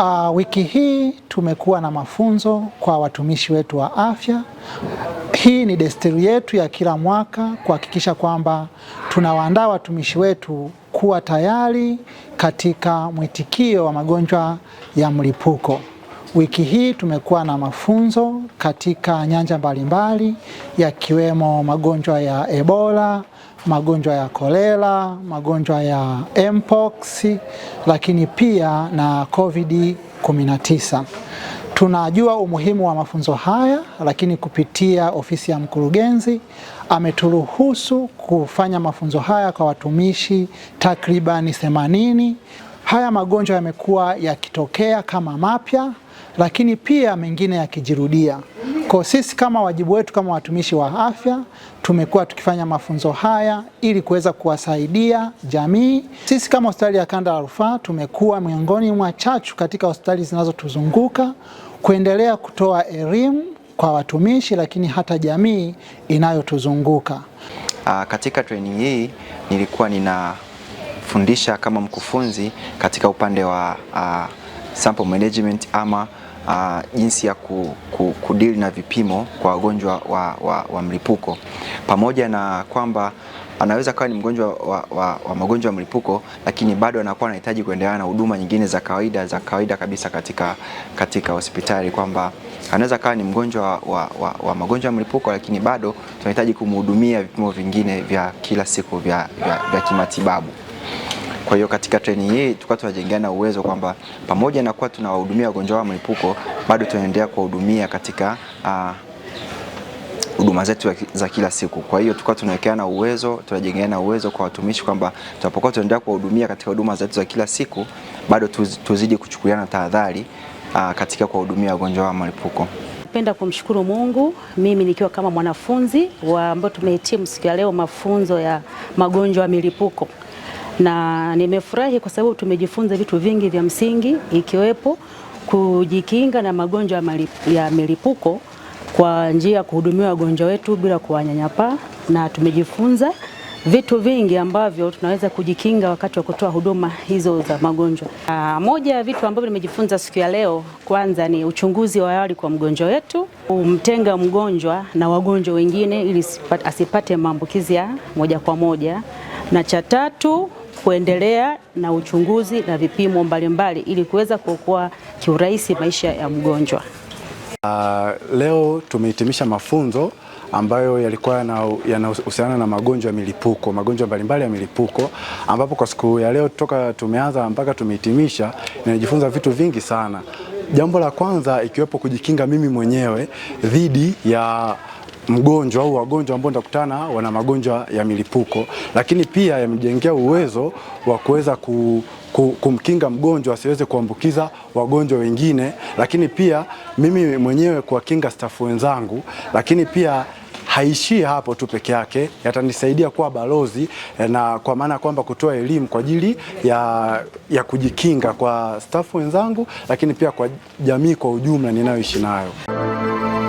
Uh, wiki hii tumekuwa na mafunzo kwa watumishi wetu wa afya. Hii ni desturi yetu ya kila mwaka kuhakikisha kwamba tunawaandaa watumishi wetu kuwa tayari katika mwitikio wa magonjwa ya mlipuko. Wiki hii tumekuwa na mafunzo katika nyanja mbalimbali yakiwemo magonjwa ya Ebola magonjwa ya kolera, magonjwa ya mpox, lakini pia na COVID 19. Tunajua umuhimu wa mafunzo haya, lakini kupitia ofisi ya mkurugenzi ameturuhusu kufanya mafunzo haya kwa watumishi takribani 80. Haya magonjwa yamekuwa yakitokea kama mapya, lakini pia mengine yakijirudia. Kwa sisi kama wajibu wetu kama watumishi wa afya tumekuwa tukifanya mafunzo haya ili kuweza kuwasaidia jamii. Sisi kama hospitali ya kanda la rufaa tumekuwa miongoni mwa chachu katika hospitali zinazotuzunguka kuendelea kutoa elimu kwa watumishi, lakini hata jamii inayotuzunguka. Ah, katika training hii nilikuwa ninafundisha kama mkufunzi katika upande wa uh, sample management ama uh, jinsi ya ku, ku, kudili na vipimo kwa wagonjwa wa, wa, wa mlipuko pamoja na kwamba anaweza kawa ni mgonjwa wa, wa, wa magonjwa ya mlipuko lakini bado anakuwa anahitaji kuendelea na huduma nyingine za kawaida za kawaida kabisa katika, katika hospitali kwamba anaweza kawa ni mgonjwa wa, wa, wa magonjwa ya mlipuko lakini bado tunahitaji kumhudumia vipimo vingine vya kila siku vya, vya, vya kimatibabu. Kwa hiyo katika treni hii tulikuwa tunajengeana uwezo kwamba pamoja na kuwa tunawahudumia wagonjwa wa mlipuko bado tunaendelea kuwahudumia katika ah, huduma zetu za kila siku. Kwa hiyo tulikuwa tunawekeana uwezo, tunajengeana uwezo kwa watumishi kwamba tunapokuwa tunaendelea kuwahudumia katika huduma zetu za kila siku bado tuzidi kuchukuliana tahadhari uh, katika kuwahudumia wagonjwa wa mlipuko. Napenda kumshukuru Mungu, mimi nikiwa kama mwanafunzi ambao tumehitimu siku ya leo mafunzo ya magonjwa ya milipuko na nimefurahi kwa sababu tumejifunza vitu vingi vya msingi ikiwepo kujikinga na magonjwa ya milipuko kwa njia ya kuhudumia wagonjwa wetu bila kuwanyanyapaa, na tumejifunza vitu vingi ambavyo tunaweza kujikinga wakati wa kutoa huduma hizo za magonjwa. Aa, moja ya vitu ambavyo nimejifunza siku ya leo, kwanza ni uchunguzi wa awali kwa mgonjwa wetu, kumtenga mgonjwa na wagonjwa wengine ili asipate maambukizi ya moja kwa moja, na cha tatu kuendelea na uchunguzi na vipimo mbalimbali ili kuweza kuokoa kiurahisi maisha ya mgonjwa. Uh, leo tumehitimisha mafunzo ambayo yalikuwa yanahusiana na, magonjwa ya milipuko, magonjwa mbalimbali ya milipuko, ambapo kwa siku ya leo toka tumeanza mpaka tumehitimisha ninajifunza vitu vingi sana. Jambo la kwanza ikiwepo kujikinga mimi mwenyewe dhidi ya mgonjwa au wagonjwa ambao nitakutana wana magonjwa ya milipuko, lakini pia yamjengea uwezo wa kuweza ku, ku, kumkinga mgonjwa asiweze kuambukiza wagonjwa wengine, lakini pia mimi mwenyewe kuwakinga stafu wenzangu, lakini pia haishii hapo tu peke yake, yatanisaidia kuwa balozi eh, na kwa maana ya kwamba kutoa elimu kwa ajili ya, ya kujikinga kwa stafu wenzangu, lakini pia kwa jamii kwa ujumla ninayoishi nayo.